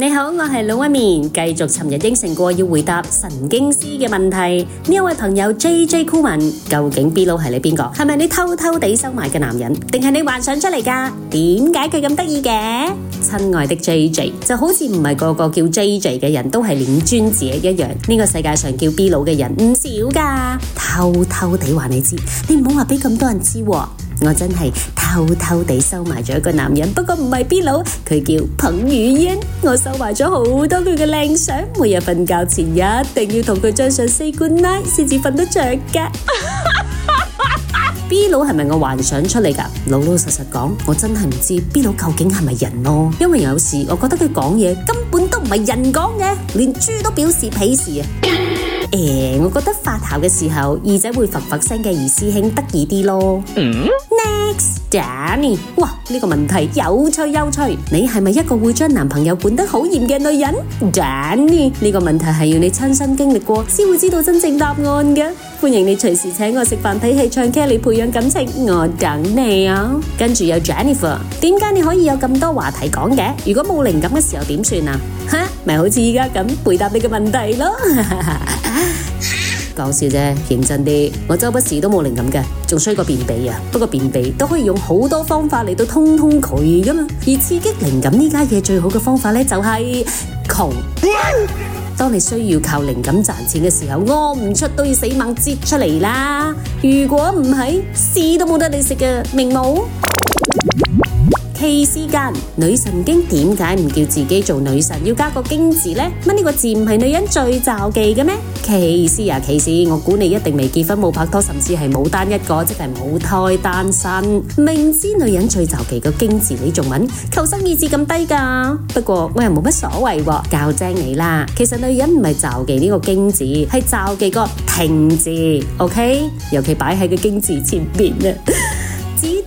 你好，我係老威面，繼續尋日應承過要回答神經師嘅問題。呢位朋友 J J Coolman，究竟 B 佬係你邊個？係咪你偷偷地收埋嘅男人，定係你幻想出嚟㗎？點解佢咁得意嘅？親愛的 J J，就好似唔係個個叫 J J 嘅人都係領磚者一樣，呢個世界上叫 B 佬嘅人唔少㗎。偷偷地話你知，你唔好話俾咁多人知喎。我真係偷偷地收埋咗一個男人，不過唔係 B 佬，佢叫彭于晏。我收埋咗好多佢嘅靚相，每日瞓覺前一定要同佢張相 say good night 先至瞓得着嘅。 B 佬係咪我幻想出嚟噶？老老實實講，我真係唔知道 B 佬究竟係咪人咯。因為有時我覺得佢講嘢根本都唔係人講嘅，連豬都表示鄙視啊。誒、 欸，我覺得發姣嘅時候耳仔會發發聲嘅二師兄得意啲咯。Mm? Danny，哇，呢個問題有趣有趣，你係咪一個會將男朋友管得好嚴嘅女人？Danny，呢個問題係要你親身經歷過先會知道真正答案嘅。歡迎你隨時請我食飯睇戲唱 K 嚟，培養感情，我等你啊！跟住有 Jennifer，點解你可以有咁多話題講嘅？如果冇靈感嘅時候點算啊？哈，咪好似而家咁回答你嘅問題咯。講笑啫，認真啲。我周不時都冇靈感嘅，仲衰過便秘啊。不過便秘都可以用好多方法嚟到通通佢噶嘛。而刺激靈感呢家嘢最好嘅方法咧，就係窮。 當你需要靠靈感賺錢嘅時候，屙唔出都要死猛擠出嚟啦。如果唔係，屎都冇得你食嘅，明冇？ 奇思間，女神經點解唔叫自己做女神，要加個經字呢？乜呢個字唔係女人最着忌嘅咩？奇思啊，奇思，我估你一定未結婚，冇拍拖，甚至係冇單一個，即係冇胎單身。明知女人最着忌個經字，你仲問？求生意志咁低噶？不過我又冇乜所謂喎、啊。教精你啦，其實女人唔係着忌呢個經字，係着忌個停字。OK，尤其擺喺個經字前邊啊。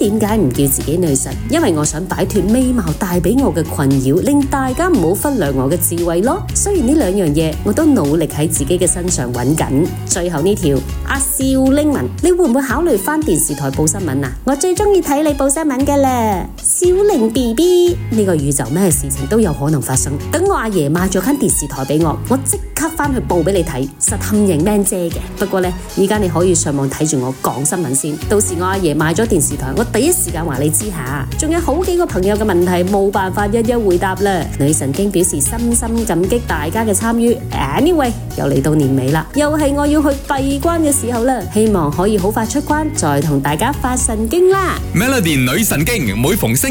點解唔叫自己女神？因為我想擺脫美貌帶俾我嘅困擾，令大家唔好忽略我嘅智慧咯。雖然呢兩樣嘢，我都努力喺自己嘅身上揾緊。最後呢條，阿少令文，你會唔會考慮返電視台報新聞啊？我最中意睇你報新聞嘅咧。小玲 B B，呢個宇宙咩事情都有可能發生。等我阿爺買咗間電視台俾我，我立即刻返去報俾你睇，實恨人命姐嘅。不過呢，依家你可以上網睇住我講新聞先。到時我阿爺買咗電視台，我第一時間話你知下。仲有好幾個朋友嘅問題冇辦法一一回答啦。女神經表示深深感激大家嘅參與。Anyway，又嚟到年尾啦，又係我要去閉關嘅時候啦。希望可以好快出關，再同大家發神經啦。Melody 女神經每逢星